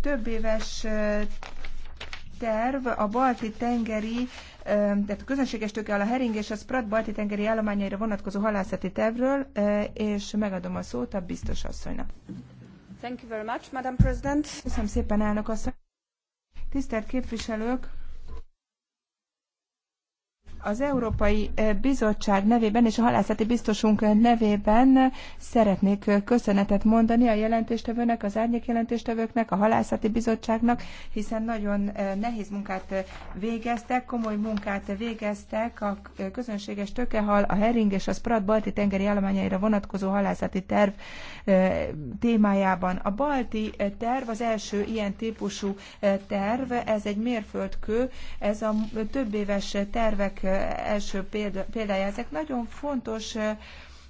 több éves terv a balti tengeri, tehát a közönséges tőkeáll a hering és a Sprat balti tengeri állományaira vonatkozó halászati tervről, és megadom a szót a biztos asszonynak. Thank you very much, Madam President. Köszönöm szépen, elnök asszony. Tisztelt képviselők! Az Európai eh, Bizottság nevében és a halászati biztosunk eh, nevében eh, szeretnék köszönetet mondani a jelentéstevőnek, az árnyék jelentéstevőknek, a halászati bizottságnak, hiszen nagyon nehéz munkát végeztek, komoly munkát végeztek a közönséges tökehal, a hering és a sprat balti tengeri állományaira vonatkozó halászati terv témájában. A balti terv az első ilyen típusú terv, ez egy mérföldkő, ez a több éves tervek első példája. Ezek nagyon fontos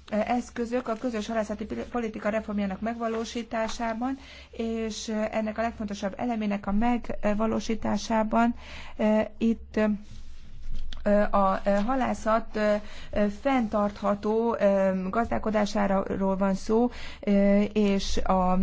eszközök a közös halászati politika reformjának megvalósításában, és ennek a legfontosabb elemének a megvalósításában itt a halászat fenntartható gazdálkodásáról van szó, és a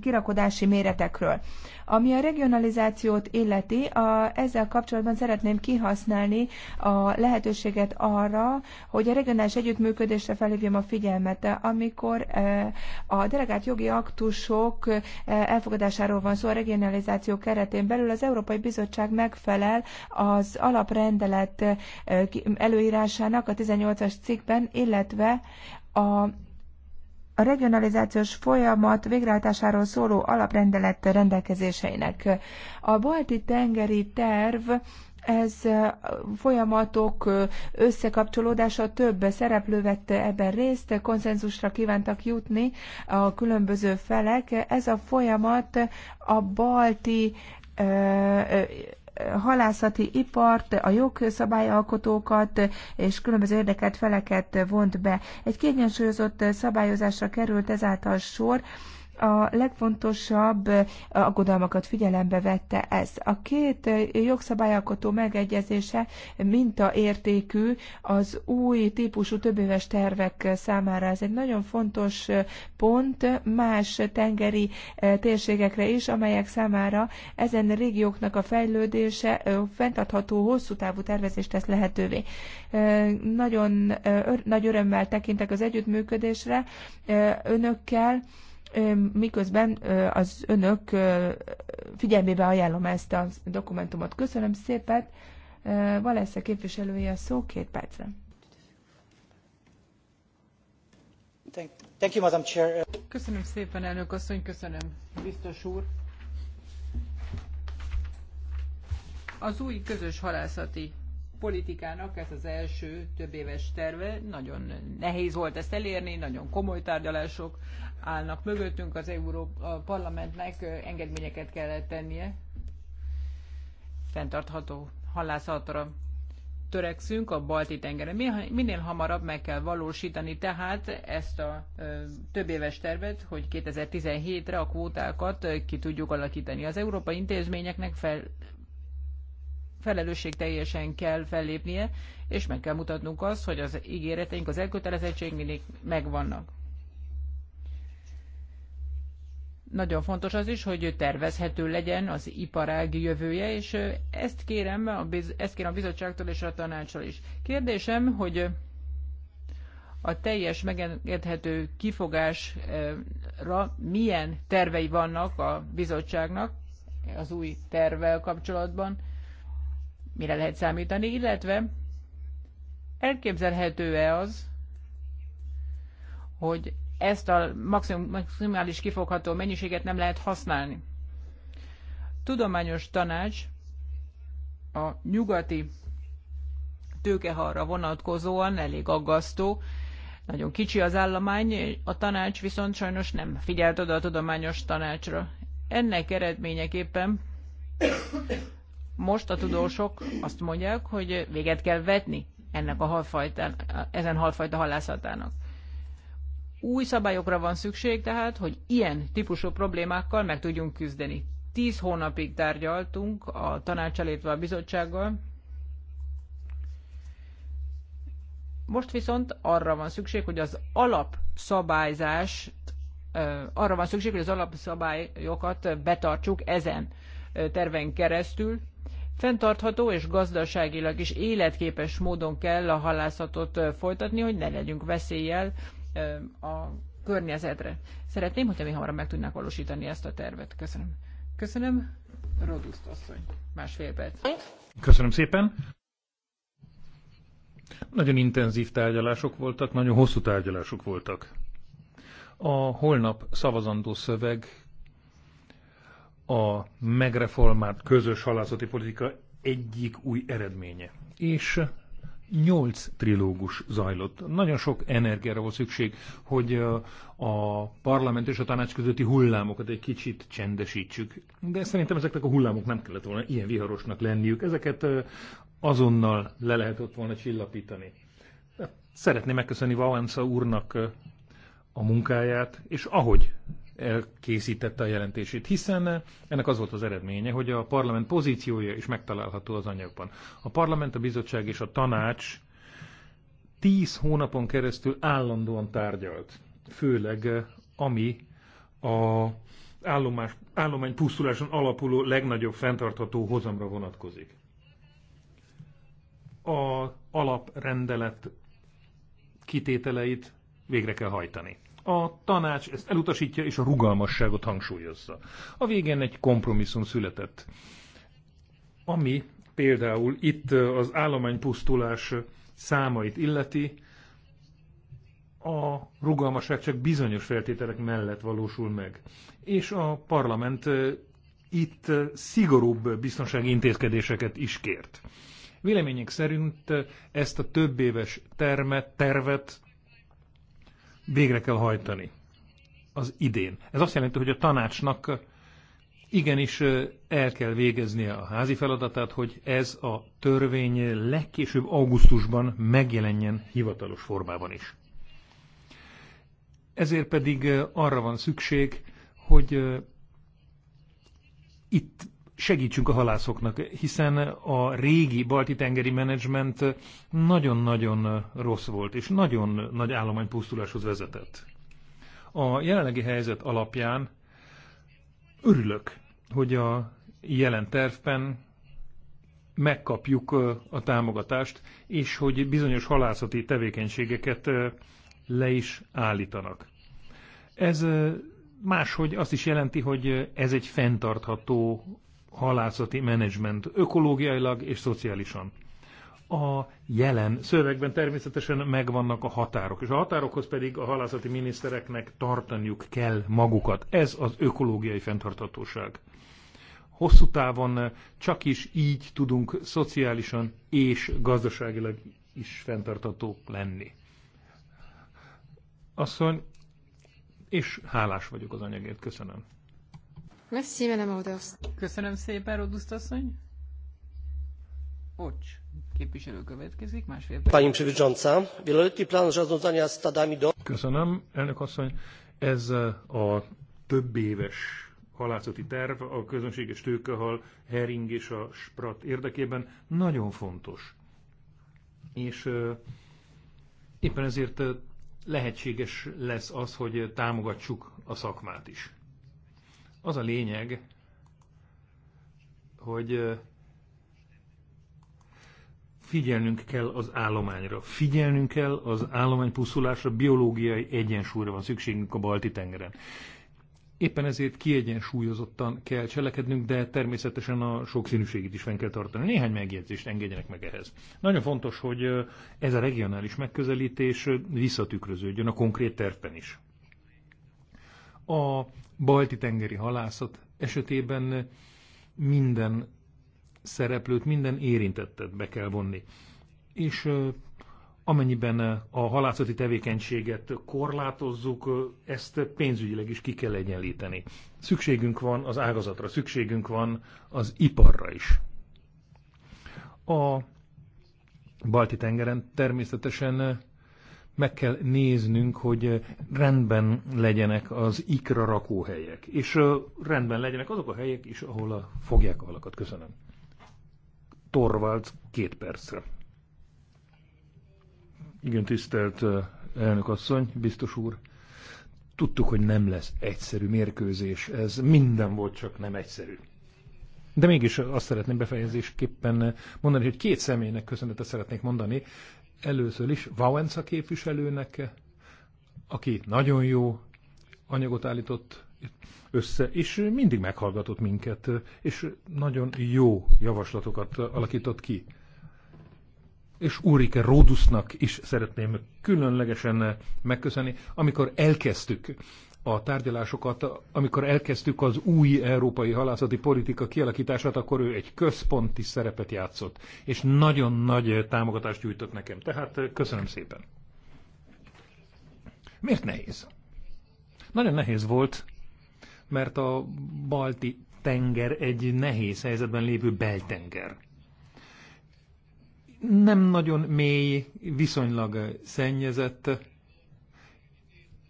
kirakodási méretekről. Ami a regionalizációt illeti, a, ezzel kapcsolatban szeretném kihasználni a lehetőséget arra, hogy a regionális együttműködésre felhívjam a figyelmet. Amikor e, a delegált jogi aktusok e, elfogadásáról van szó a regionalizáció keretén belül, az Európai Bizottság megfelel az alaprendelet e, előírásának a 18-as cikkben, illetve a a regionalizációs folyamat végrehajtásáról szóló alaprendelet rendelkezéseinek. A balti tengeri terv ez folyamatok összekapcsolódása több szereplő vette ebben részt, konszenzusra kívántak jutni a különböző felek. Ez a folyamat a balti halászati ipart, a jogszabályalkotókat és különböző érdekelt feleket vont be. Egy kiegyensúlyozott szabályozásra került ezáltal sor, a legfontosabb eh, aggodalmakat figyelembe vette ez. A két eh, jogszabályalkotó megegyezése mintaértékű az új típusú többéves tervek számára. Ez egy nagyon fontos eh, pont más tengeri térségekre is, amelyek számára ezen régióknak a fejlődése fenntartható hosszú távú tervezést tesz lehetővé. Nagyon nagy örömmel tekintek az együttműködésre önökkel, miközben az önök figyelmébe ajánlom ezt a dokumentumot. Köszönöm szépen. a képviselője a szó, két percre. Thank you, Madam Chair. Köszönöm szépen, elnök asszony, köszönöm, biztos úr. Az új közös halászati politikának ez az első több éves terve. Nagyon nehéz volt ezt elérni, nagyon komoly tárgyalások állnak mögöttünk, az Európa Parlamentnek engedményeket kellett tennie. fenntartható halászatra törekszünk a balti tengeren. Minél hamarabb meg kell valósítani tehát ezt a több éves tervet, hogy 2017-re a kvótákat ki tudjuk alakítani. Az európai intézményeknek fel felelősségteljesen kell fellépnie, és meg kell mutatnunk azt, hogy az ígéreteink, az elkötelezettség mindig megvannak. Nagyon fontos az is, hogy tervezhető legyen az iparág jövője, és ezt kérem a, biz- ezt kérem a bizottságtól és a tanácsról is. Kérdésem, hogy a teljes megengedhető kifogásra milyen tervei vannak a bizottságnak az új tervvel kapcsolatban, mire lehet számítani, illetve elképzelhető-e az, hogy ezt a maximális kifogható mennyiséget nem lehet használni. Tudományos tanács a nyugati tőkeharra vonatkozóan elég aggasztó, nagyon kicsi az állomány, a tanács viszont sajnos nem figyelt oda a tudományos tanácsra. Ennek eredményeképpen most a tudósok azt mondják, hogy véget kell vetni ennek a halfajtán, ezen halfajta halászatának. Új szabályokra van szükség tehát, hogy ilyen típusú problémákkal meg tudjunk küzdeni. Tíz hónapig tárgyaltunk a tanács a bizottsággal. Most viszont arra van szükség, hogy az alapszabályzás, arra van szükség, hogy az alapszabályokat betartsuk ezen terven keresztül, Fentartható és gazdaságilag is életképes módon kell a halászatot folytatni, hogy ne legyünk veszéllyel a környezetre. Szeretném, hogyha mi hamarabb meg tudnák valósítani ezt a tervet. Köszönöm. Köszönöm. Roduszt asszony. Másfél perc. Köszönöm szépen. Nagyon intenzív tárgyalások voltak, nagyon hosszú tárgyalások voltak. A holnap szavazandó szöveg a megreformált közös halászati politika egyik új eredménye. És nyolc trilógus zajlott. Nagyon sok energiára volt szükség, hogy a parlament és a tanács közötti hullámokat egy kicsit csendesítsük. De szerintem ezeknek a hullámok nem kellett volna ilyen viharosnak lenniük. Ezeket azonnal le lehetett volna csillapítani. Szeretném megköszönni Valensa úrnak a munkáját, és ahogy elkészítette a jelentését, hiszen ennek az volt az eredménye, hogy a parlament pozíciója is megtalálható az anyagban. A parlament, a bizottság és a tanács tíz hónapon keresztül állandóan tárgyalt, főleg eh, ami a állomás, állomány pusztuláson alapuló legnagyobb fenntartható hozamra vonatkozik. A alaprendelet kitételeit végre kell hajtani. A tanács ezt elutasítja, és a rugalmasságot hangsúlyozza. A végén egy kompromisszum született, ami például itt az állománypusztulás számait illeti, a rugalmasság csak bizonyos feltételek mellett valósul meg. És a parlament itt szigorúbb biztonsági intézkedéseket is kért. Vélemények szerint ezt a több éves termet, tervet végre kell hajtani az idén. Ez azt jelenti, hogy a tanácsnak igenis el kell végeznie a házi feladatát, hogy ez a törvény legkésőbb augusztusban megjelenjen hivatalos formában is. Ezért pedig arra van szükség, hogy itt segítsünk a halászoknak, hiszen a régi balti tengeri menedzsment nagyon-nagyon rossz volt, és nagyon nagy állománypusztuláshoz vezetett. A jelenlegi helyzet alapján örülök, hogy a jelen tervben megkapjuk a támogatást, és hogy bizonyos halászati tevékenységeket le is állítanak. Ez máshogy azt is jelenti, hogy ez egy fenntartható halászati menedzsment ökológiailag és szociálisan. A jelen szövegben természetesen megvannak a határok, és a határokhoz pedig a halászati minisztereknek tartaniuk kell magukat. Ez az ökológiai fenntartatóság. Hosszú távon csak is így tudunk szociálisan és gazdaságilag is fenntartató lenni. Asszony, és hálás vagyok az anyagért, köszönöm. Merci, Madame Köszönöm szépen, Roduszt asszony. Ocs, képviselő következik, másfél perc. Pani Przewodnicząca, wieloletni plan zarządzania stadami do... Köszönöm, elnök asszony. Ez e, a több éves halászati terv a közönséges tőkehal, hering és a sprat érdekében nagyon fontos. És e, éppen ezért e, lehetséges lesz az, hogy támogatsuk a szakmát is. Az a lényeg, hogy figyelnünk kell az állományra. Figyelnünk kell az állomány puszulásra, biológiai egyensúlyra van szükségünk a balti tengeren. Éppen ezért kiegyensúlyozottan kell cselekednünk, de természetesen a sokszínűségét is fenn kell tartani. Néhány megjegyzést engedjenek meg ehhez. Nagyon fontos, hogy ez a regionális megközelítés visszatükröződjön a konkrét tervben is. A balti-tengeri halászat esetében minden szereplőt, minden érintettet be kell vonni. És amennyiben a halászati tevékenységet korlátozzuk, ezt pénzügyileg is ki kell egyenlíteni. Szükségünk van az ágazatra, szükségünk van az iparra is. A Balti-tengeren természetesen meg kell néznünk, hogy rendben legyenek az ikra rakóhelyek, és rendben legyenek azok a helyek is, ahol a fogják a halakat. Köszönöm. Torvald két percre. Igen, tisztelt elnök asszony, biztos úr. Tudtuk, hogy nem lesz egyszerű mérkőzés, ez minden volt, csak nem egyszerű. De mégis azt szeretném befejezésképpen mondani, hogy két személynek köszönetet szeretnék mondani, Először is Valenza képviselőnek, aki nagyon jó anyagot állított össze, és mindig meghallgatott minket, és nagyon jó javaslatokat alakított ki. És Ulrike Ródusznak is szeretném különlegesen megköszönni, amikor elkezdtük a tárgyalásokat, amikor elkezdtük az új európai halászati politika kialakítását, akkor ő egy központi szerepet játszott, és nagyon nagy támogatást gyűjtött nekem. Tehát köszönöm szépen. Miért nehéz? Nagyon nehéz volt, mert a balti tenger egy nehéz helyzetben lévő beltenger. Nem nagyon mély, viszonylag szennyezett,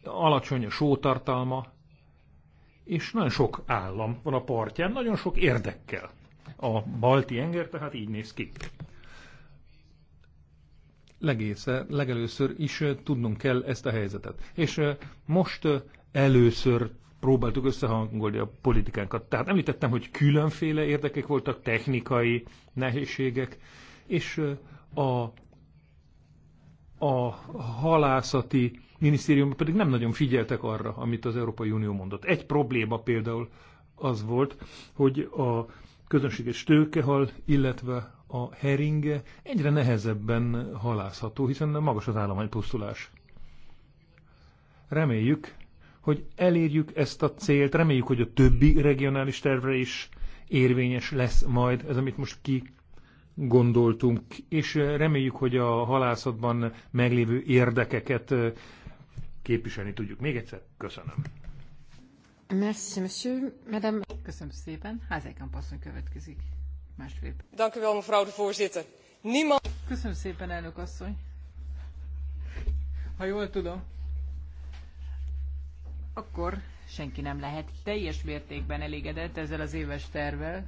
alacsony a sótartalma, és nagyon sok állam van a partján, nagyon sok érdekkel. A balti enger tehát így néz ki. Legésze, legelőször is tudnunk kell ezt a helyzetet. És most először próbáltuk összehangolni a politikánkat. Tehát említettem, hogy különféle érdekek voltak, technikai nehézségek, és a, a halászati minisztériumban pedig nem nagyon figyeltek arra, amit az Európai Unió mondott. Egy probléma például az volt, hogy a közönséges tőkehal, illetve a heringe egyre nehezebben halászható, hiszen magas az állománypusztulás. Reméljük, hogy elérjük ezt a célt, reméljük, hogy a többi regionális tervre is érvényes lesz majd ez, amit most ki gondoltunk, és reméljük, hogy a halászatban meglévő érdekeket képviselni tudjuk. Még egyszer köszönöm. Merci, monsieur, madame. Köszönöm szépen. Házékan passzony következik. Másfél. Dank u wel, mevrouw de voorzitter. Niemand... Köszönöm szépen, elnök asszony. Ha jól tudom, akkor senki nem lehet teljes mértékben elégedett ezzel az éves tervel.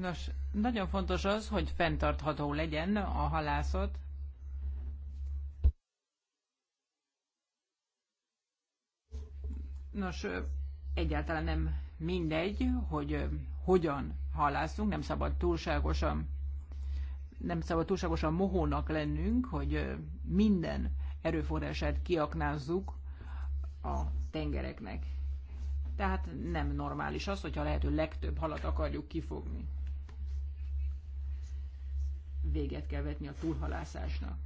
Nos, nagyon fontos az, hogy fenntartható legyen a halászat. Nos, egyáltalán nem mindegy, hogy hogyan halászunk, nem szabad túlságosan nem szabad túlságosan mohónak lennünk, hogy minden erőforrását kiaknázzuk a tengereknek. Tehát nem normális az, hogyha lehető legtöbb halat akarjuk kifogni véget kell vetni a túlhalászásnak.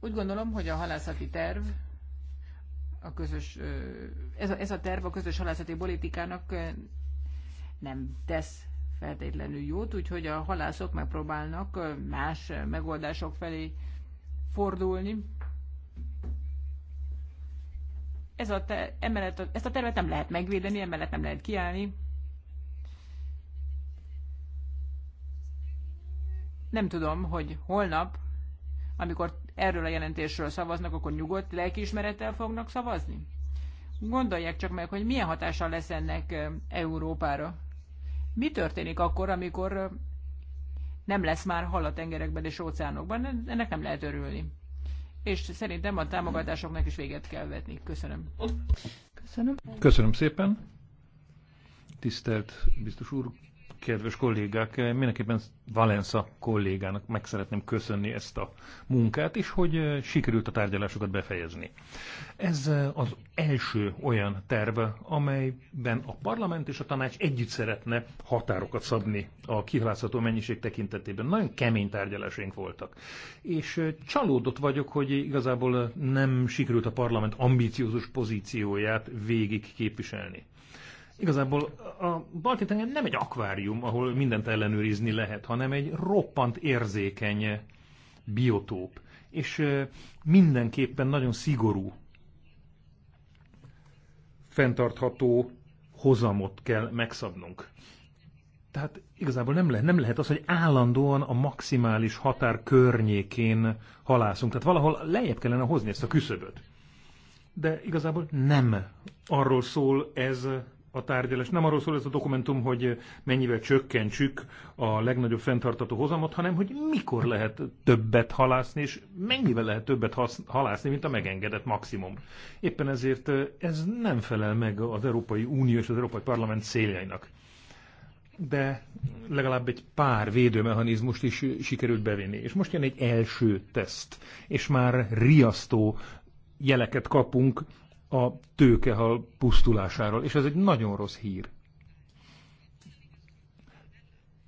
Úgy gondolom, hogy a halászati terv a közös, ez a, ez a terv a közös halászati politikának nem tesz feltétlenül jót, úgyhogy a halászok megpróbálnak más megoldások felé fordulni. Ez a te, emellett, ezt a tervet nem lehet megvédeni, emellett nem lehet kiállni, Nem tudom, hogy holnap, amikor erről a jelentésről szavaznak, akkor nyugodt lelkiismerettel fognak szavazni? Gondolják csak meg, hogy milyen hatással lesz ennek Európára. Mi történik akkor, amikor nem lesz már hal a tengerekben és óceánokban? Ennek nem lehet örülni. És szerintem a támogatásoknak is véget kell vetni. Köszönöm. Köszönöm. Köszönöm szépen. Tisztelt biztos úr, kedves kollégák, mindenképpen Valensa kollégának meg szeretném köszönni ezt a munkát, és hogy eh, sikerült a tárgyalásokat befejezni. Ez eh, az első olyan terv, amelyben a parlament és a tanács együtt szeretne határokat szabni a kihalászható mennyiség tekintetében. Nagyon kemény tárgyalásaink voltak. És eh, csalódott vagyok, hogy igazából nem sikerült a parlament ambíciózus pozícióját végig képviselni. Igazából a balti tenger nem egy akvárium, ahol mindent ellenőrizni lehet, hanem egy roppant érzékeny biotóp. És mindenképpen nagyon szigorú, fenntartható hozamot kell megszabnunk. Tehát igazából nem lehet, nem lehet az, hogy állandóan a maximális határ környékén halászunk. Tehát valahol lejjebb kellene hozni ezt a küszöböt. De igazából nem arról szól ez a tárgyalás. Nem arról szól ez a dokumentum, hogy mennyivel csökkentsük a legnagyobb fenntartató hozamot, hanem hogy mikor lehet többet halászni, és mennyivel lehet többet halászni, mint a megengedett maximum. Éppen ezért ez nem felel meg az Európai Unió és az Európai Parlament céljainak. De legalább egy pár védőmechanizmust is sikerült bevinni. És most jön egy első teszt, és már riasztó jeleket kapunk a tőkehal pusztulásáról, és ez egy nagyon rossz hír.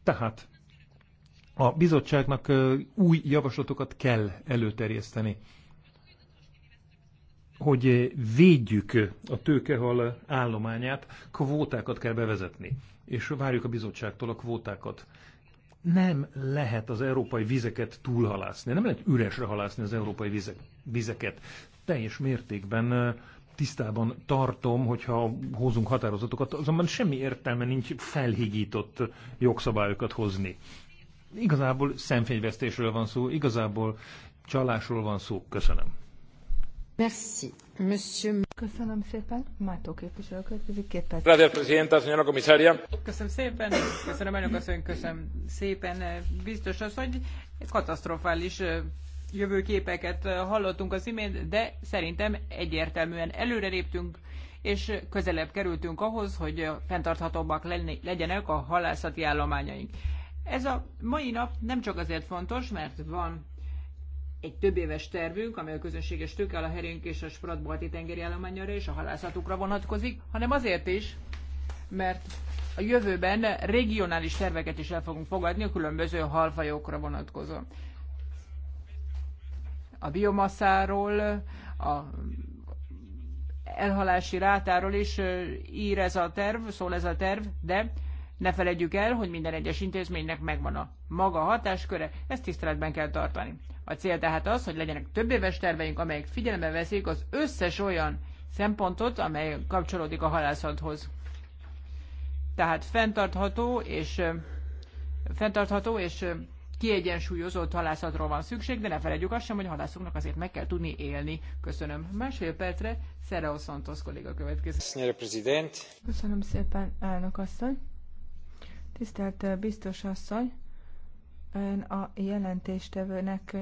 Tehát a bizottságnak új javaslatokat kell előterjeszteni, hogy védjük a tőkehal állományát, kvótákat kell bevezetni, és várjuk a bizottságtól a kvótákat. Nem lehet az európai vizeket túlhalászni, nem lehet üresre halászni az európai vizeket. Teljes mértékben tisztában tartom, hogyha hozunk határozatokat, azonban semmi értelme nincs felhigított jogszabályokat hozni. Igazából szemfényvesztésről van szó, igazából csalásról van szó. Köszönöm. Merci. Monsieur... Köszönöm szépen. Mátó képviselő következik két perc. presidenta, señora comisaria. Köszönöm szépen, köszönöm elnök asszony, köszönöm szépen. Biztos az, hogy katasztrofális jövőképeket hallottunk az imént, de szerintem egyértelműen előreléptünk, és közelebb kerültünk ahhoz, hogy fenntarthatóbbak legyenek a halászati állományaink. Ez a mai nap nem csak azért fontos, mert van egy több éves tervünk, amely a közönséges tőke a herénk és a Spratbalti tengeri állományra és a halászatukra vonatkozik, hanem azért is, mert a jövőben regionális terveket is el fogunk fogadni a különböző halfajokra vonatkozóan a biomaszáról, a elhalási rátáról is ír ez a terv, szól ez a terv, de ne felejtjük el, hogy minden egyes intézménynek megvan a maga hatásköre, ezt tiszteletben kell tartani. A cél tehát az, hogy legyenek több éves terveink, amelyek figyelembe veszik az összes olyan szempontot, amely kapcsolódik a halászathoz. Tehát fenntartható és fenntartható és kiegyensúlyozott halászatról van szükség, de ne felejtjük azt sem, hogy a halászoknak azért meg kell tudni élni. Köszönöm. Másfél percre Szereo Santos kolléga következik. Köszönöm szépen, elnök asszony. Tisztelt biztos asszony, ön a jelentéstevőnek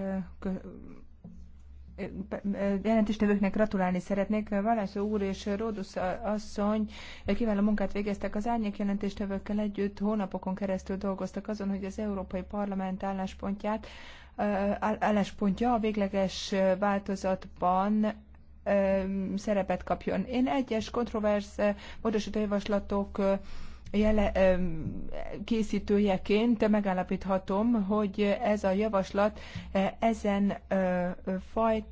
jelentéstevőknek gratulálni szeretnék. Valászó úr és Ródusz asszony kiváló munkát végeztek az árnyék jelentéstevőkkel együtt. Hónapokon keresztül dolgoztak azon, hogy az Európai Parlament álláspontját álláspontja a végleges változatban szerepet kapjon. Én egyes kontroversz módosító javaslatok jele, készítőjeként megállapíthatom, hogy ez a javaslat ezen fajt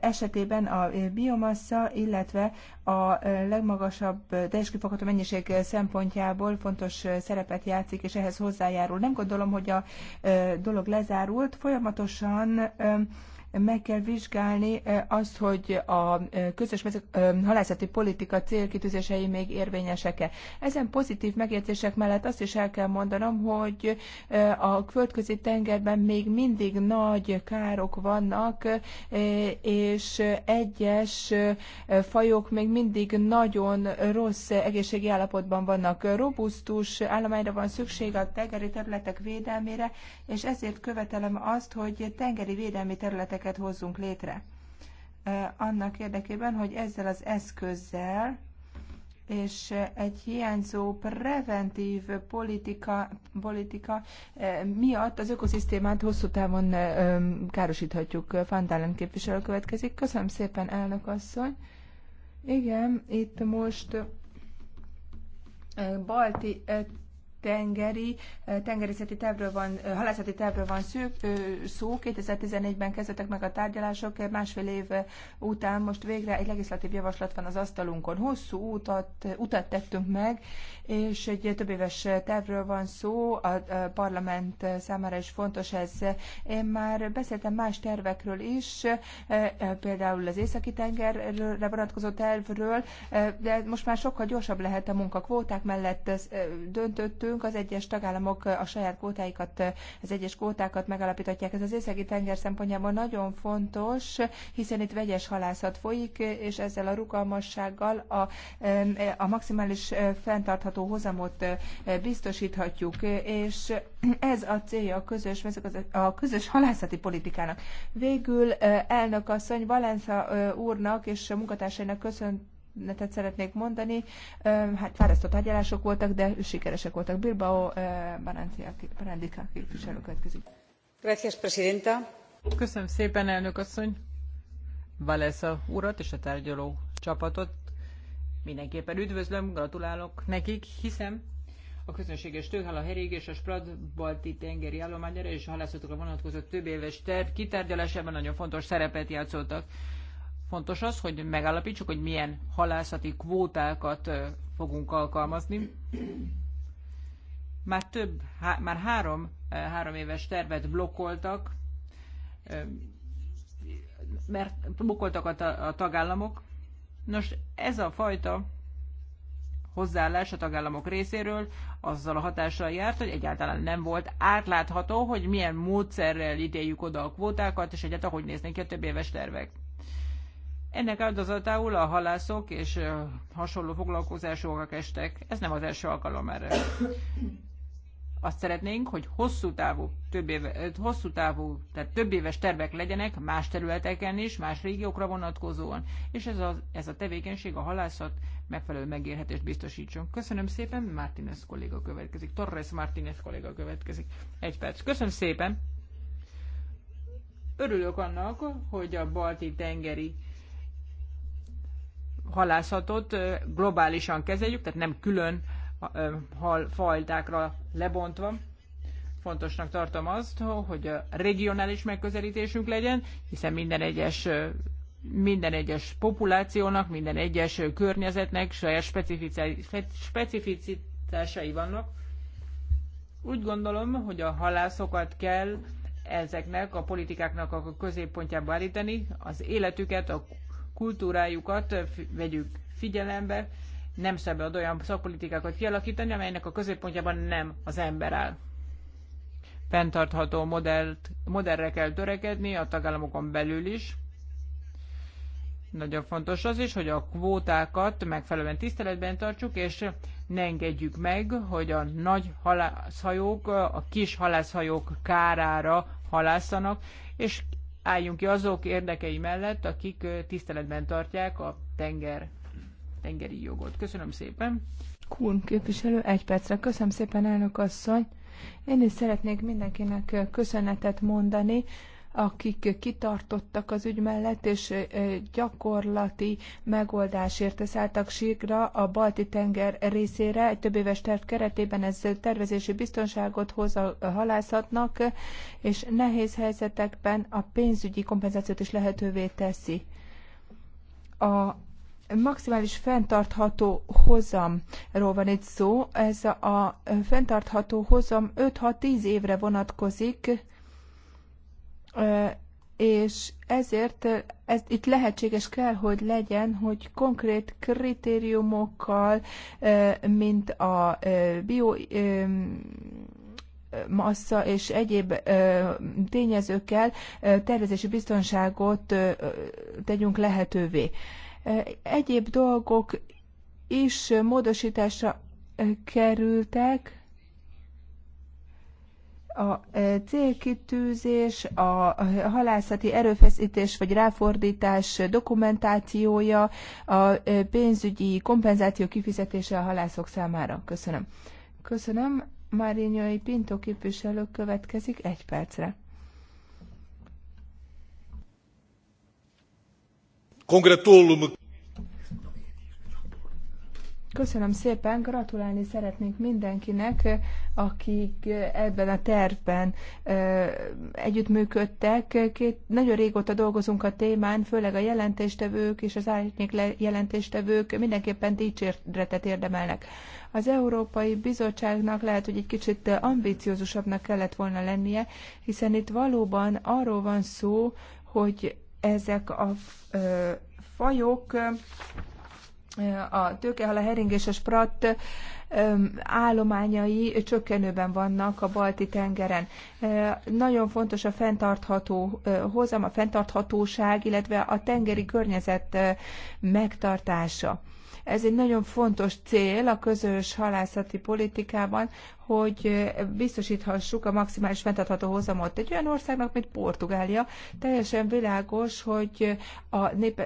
esetében a biomassa, illetve a legmagasabb kifogható mennyiség szempontjából fontos szerepet játszik, és ehhez hozzájárul. Nem gondolom, hogy a dolog lezárult, folyamatosan meg kell vizsgálni eh, azt, hogy a eh, közös eh, halászati politika célkitűzései még érvényesek-e. Ezen pozitív megértések mellett azt is el kell mondanom, hogy a földközi tengerben még mindig nagy károk vannak, és egyes fajok még mindig nagyon rossz egészségi állapotban vannak. Robusztus állományra van szükség a tengeri területek védelmére, és ezért követelem azt, hogy tengeri védelmi területek kereteket hozzunk létre. Annak érdekében, hogy ezzel az eszközzel és egy hiányzó preventív politika, politika miatt az ökoszisztémát hosszú távon károsíthatjuk. Fandálen képviselő következik. Köszönöm szépen, elnök asszony. Igen, itt most balti tengeri, eh, tengerészeti tervről van, eh, halászati tervről van szó, szó. 2014-ben kezdtek meg a tárgyalások, eh, másfél év után most végre egy legislatív javaslat van az asztalunkon. Hosszú utat, utat tettünk meg, és egy több éves tervről van szó, a parlament számára is fontos ez. Én már beszéltem más tervekről is, például az északi tengerre vonatkozó tervről, de most már sokkal gyorsabb lehet a munka. Kvóták mellett döntöttünk, nekünk, az egyes tagállamok a saját kvótáikat, az egyes kvótákat megalapítatják. Ez az északi tenger szempontjából nagyon fontos, hiszen itt vegyes halászat folyik, és ezzel a rugalmassággal a, a maximális fenntartható hozamot biztosíthatjuk, és ez a célja a közös, a közös halászati politikának. Végül elnök asszony Valenza úrnak és munkatársainak köszönt netet szeretnék mondani. Hát fárasztott tárgyalások voltak, de sikeresek voltak. Bilbao Barandika képviselő következik. Gracias, Presidenta. Köszönöm szépen, elnök asszony. Valesza urat és a tárgyaló csapatot mindenképpen üdvözlöm, gratulálok nekik, hiszem a közönséges tőhal, Herég és a Sprad balti tengeri állományra és a halászatokra vonatkozó több éves terv kitárgyalásában nagyon fontos szerepet játszottak. Fontos az, hogy megállapítsuk, hogy milyen halászati kvótákat fogunk alkalmazni. Már több, há, már három, három éves tervet blokkoltak, mert blokkoltak a, a tagállamok. Nos, ez a fajta hozzáállás a tagállamok részéről azzal a hatással járt, hogy egyáltalán nem volt átlátható, hogy milyen módszerrel ítéljük oda a kvótákat, és egyáltalán hogy néznek ki a több éves tervek. Ennek áldozatául a halászok és hasonló foglalkozások estek. Ez nem az első alkalom erre. Azt szeretnénk, hogy hosszú távú, több éve, hosszú távú, tehát több éves tervek legyenek más területeken is, más régiókra vonatkozóan, és ez a, ez a tevékenység, a halászat megfelelő megérhetést biztosítson. Köszönöm szépen, Martínez kolléga következik, Torres Martínez kolléga következik. Egy perc. Köszönöm szépen. Örülök annak, hogy a balti tengeri halászatot globálisan kezeljük, tehát nem külön hal fajtákra lebontva. Fontosnak tartom azt, hogy a regionális megközelítésünk legyen, hiszen minden egyes minden egyes populációnak, minden egyes környezetnek saját specificitásai vannak. Úgy gondolom, hogy a halászokat kell ezeknek a politikáknak a középpontjába állítani, az életüket, a kultúrájukat vegyük figyelembe, nem szabad olyan szakpolitikákat kialakítani, amelynek a középpontjában nem az ember áll. Fentartható modellt, modellre kell törekedni a tagállamokon belül is. Nagyon fontos az is, hogy a kvótákat megfelelően tiszteletben tartsuk, és ne engedjük meg, hogy a nagy halászhajók a kis halászhajók kárára halászanak, és álljunk ki azok érdekei mellett, akik tiszteletben tartják a tenger, tengeri jogot. Köszönöm szépen. Kun képviselő, egy percre. Köszönöm szépen, elnök asszony. Én is szeretnék mindenkinek köszönetet mondani akik kitartottak az ügy mellett, és gyakorlati megoldásért szálltak sírra a Balti-tenger részére. Egy több éves terv keretében ez tervezési biztonságot hoz a halászatnak, és nehéz helyzetekben a pénzügyi kompenzációt is lehetővé teszi. A maximális fenntartható hozamról van itt szó. Ez a fenntartható hozam 5-6-10 évre vonatkozik, és ezért ez itt lehetséges kell, hogy legyen, hogy konkrét kritériumokkal, mint a bio massza és egyéb tényezőkkel tervezési biztonságot tegyünk lehetővé. Egyéb dolgok is módosításra kerültek, a e, célkitűzés, a halászati erőfeszítés vagy ráfordítás dokumentációja, a e, pénzügyi kompenzáció kifizetése a halászok számára. Köszönöm. Köszönöm. Márinyai Pinto képviselő következik egy percre. Congratulo-me Köszönöm szépen, gratulálni szeretnénk mindenkinek, akik ebben a tervben együttműködtek. Két, nagyon régóta dolgozunk a témán, főleg a jelentéstevők és az árnyék jelentéstevők mindenképpen dicséretet érdemelnek. Az Európai Bizottságnak lehet, hogy egy kicsit ambiciózusabbnak kellett volna lennie, hiszen itt valóban arról van szó, hogy ezek a fajok a tőkehal, a hering és a sprat állományai csökkenőben vannak a balti tengeren. Nagyon fontos a fenntartható hozam, a fenntarthatóság, illetve a tengeri környezet megtartása. Ez egy nagyon fontos cél a közös halászati politikában, hogy biztosíthassuk a maximális fenntartható hozamot egy olyan országnak, mint Portugália. Teljesen világos, hogy a nép,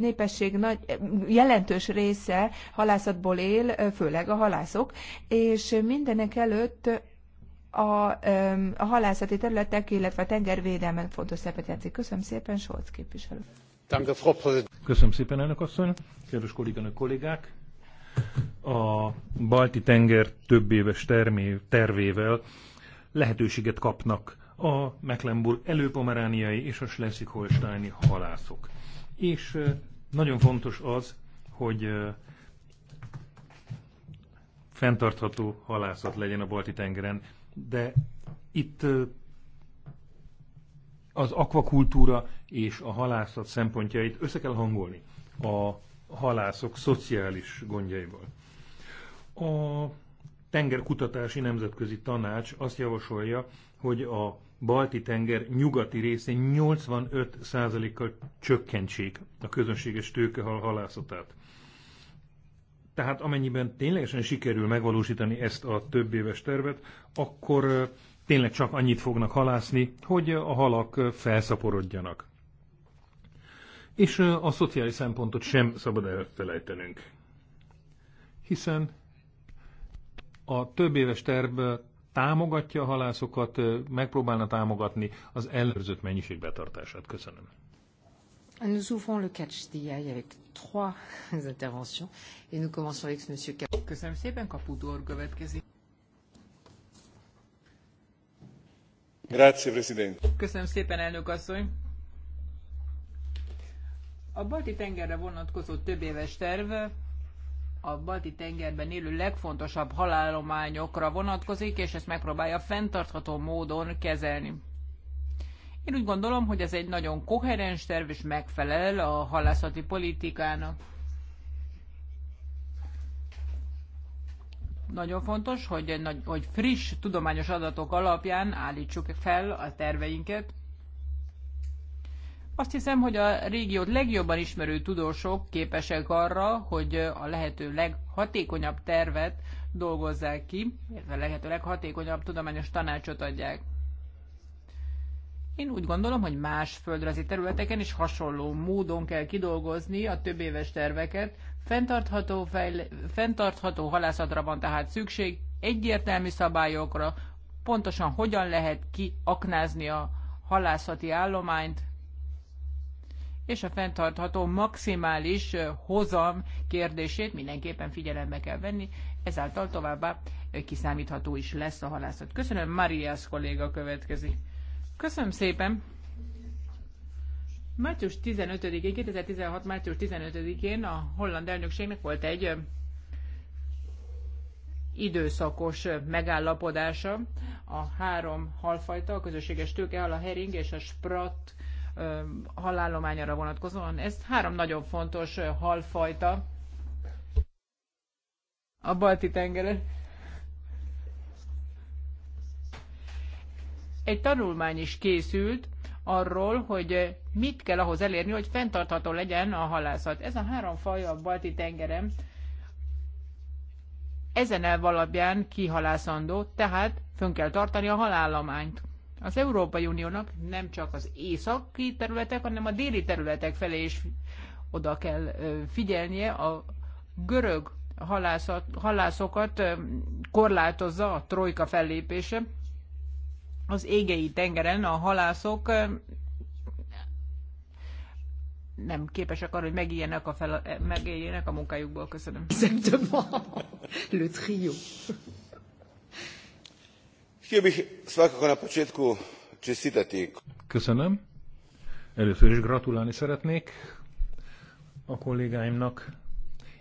népesség nagy, jelentős része halászatból él, főleg a halászok, és mindenek előtt a, a halászati területek, illetve a tengervédelmen fontos szerepet játszik. Köszönöm szépen, Solc képviselő. Köszönöm szépen, elnök asszony, kedves kolléganők, kollégák! A balti tenger több éves termé, tervével lehetőséget kapnak a Mecklenburg előpomerániai és a Schleswig-Holsteini halászok. És nagyon fontos az, hogy fenntartható halászat legyen a balti tengeren, de itt az akvakultúra és a halászat szempontjait össze kell hangolni a halászok szociális gondjaival. A Tengerkutatási Nemzetközi Tanács azt javasolja, hogy a balti tenger nyugati részén 85%-kal csökkentsék a közönséges tőkehal halászatát. Tehát amennyiben ténylegesen sikerül megvalósítani ezt a több éves tervet, akkor tényleg csak annyit fognak halászni, hogy a halak felszaporodjanak. És a szociális szempontot sem szabad elfelejtenünk. Hiszen a több éves terv támogatja a halászokat, megpróbálna támogatni az ellenőrzött mennyiség betartását. Köszönöm. Nous ouvrons le catch DI avec trois interventions et nous commençons avec Monsieur Cap. Köszönöm szépen, Kapudor következik. Grazie, Presidente. Köszönöm szépen, elnök asszony. A balti tengerre vonatkozó több éves terv a balti tengerben élő legfontosabb halálományokra vonatkozik, és ezt megpróbálja fenntartható módon kezelni. Én úgy gondolom, hogy ez egy nagyon koherens terv, és megfelel a halászati politikának. Nagyon fontos, hogy, hogy friss tudományos adatok alapján állítsuk fel a terveinket, azt hiszem, hogy a régiót legjobban ismerő tudósok képesek arra, hogy a lehető leghatékonyabb tervet dolgozzák ki, illetve a lehető leghatékonyabb tudományos tanácsot adják. Én úgy gondolom, hogy más földrajzi területeken is hasonló módon kell kidolgozni a több éves terveket. Fentartható, fejle- fenntartható halászatra van tehát szükség, egyértelmű szabályokra, pontosan hogyan lehet kiaknázni a halászati állományt, és a fenntartható maximális hozam kérdését mindenképpen figyelembe kell venni, ezáltal továbbá kiszámítható is lesz a halászat. Köszönöm, Marias kolléga következik. Köszönöm szépen! Március 15-én, 2016. március 15-én a holland elnökségnek volt egy időszakos megállapodása. A három halfajta, a közösséges tőkehal, a hering és a sprat halállományára vonatkozóan. Ez három nagyon fontos halfajta a balti tengeren. Egy tanulmány is készült arról, hogy mit kell ahhoz elérni, hogy fenntartható legyen a halászat. Ez a három faj a balti tengeren ezen elv alapján kihalászandó, tehát fönn kell tartani a halállományt. Az Európai Uniónak nem csak az északi területek, hanem a déli területek felé is oda kell figyelnie. A görög halászat, halászokat korlátozza a trojka fellépése. Az égei tengeren a halászok nem képesek arra, hogy megéljenek a, fel, megéljenek a munkájukból. Köszönöm. Le trio htio bih svakako na početku čestitati. Köszönöm. Először is gratulálni szeretnék a kollégáimnak.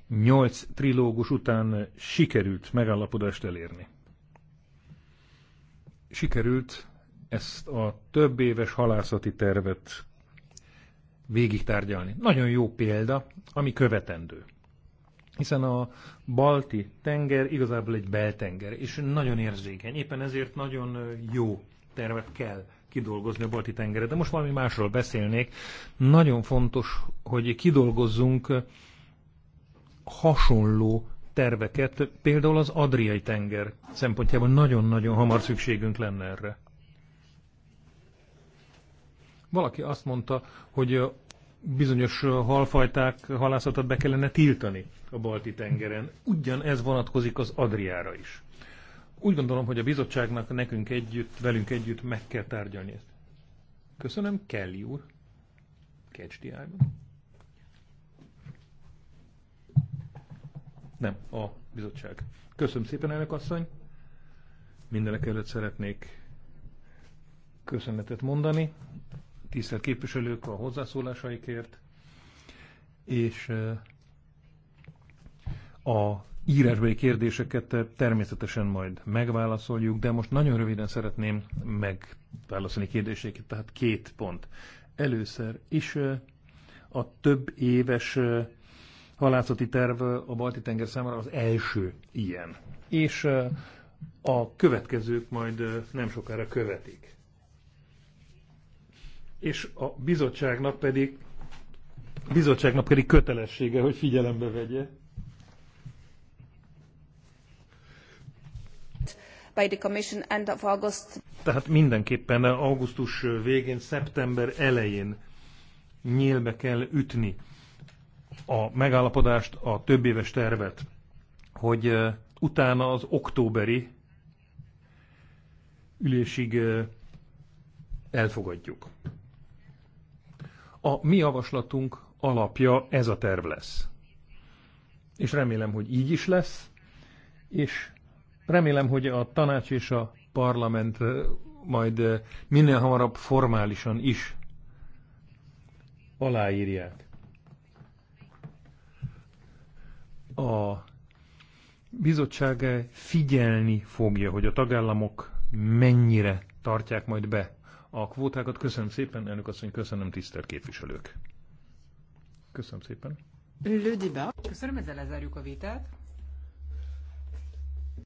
Nyolc trilógus után sikerült megállapodást elérni. Sikerült ezt a több éves halászati tervet végig tárgyalni. Nagyon jó példa, ami követendő hiszen a balti tenger igazából egy beltenger, és nagyon érzékeny. Éppen ezért nagyon jó tervet kell kidolgozni a balti tengeret. De most valami másról beszélnék. Nagyon fontos, hogy kidolgozzunk hasonló terveket, például az Adriai tenger szempontjából nagyon-nagyon hamar szükségünk lenne erre. Valaki azt mondta, hogy bizonyos halfajták halászatot be kellene tiltani a balti tengeren. Ugyan ez vonatkozik az Adriára is. Úgy gondolom, hogy a bizottságnak nekünk együtt, velünk együtt meg kell tárgyalni ezt. Köszönöm, Kelly úr. Kecsdi Nem, a bizottság. Köszönöm szépen, elnök asszony. Mindenek előtt szeretnék köszönetet mondani tisztelt képviselők a hozzászólásaikért, és a írásbeli kérdéseket természetesen majd megválaszoljuk, de most nagyon röviden szeretném megválaszolni kérdéseket, tehát két pont. Először is a több éves halászati terv a Balti-tenger számára az első ilyen. És a következők majd nem sokára követik és a bizottságnak pedig bizottságnak pedig kötelessége, hogy figyelembe vegye. By the commission end of August. Tehát mindenképpen augusztus végén, szeptember elején nyílbe kell ütni a megállapodást, a éves tervet, hogy eh, utána az októberi ülésig eh, elfogadjuk. A mi javaslatunk alapja ez a terv lesz. És remélem, hogy így is lesz, és remélem, hogy a tanács és a parlament majd minél hamarabb formálisan is aláírják. A bizottság figyelni fogja, hogy a tagállamok mennyire tartják majd be a kvótákat. Köszönöm szépen, elnök asszony, köszönöm tisztelt képviselők. Köszönöm szépen. Köszönöm, ezzel lezárjuk a vitát.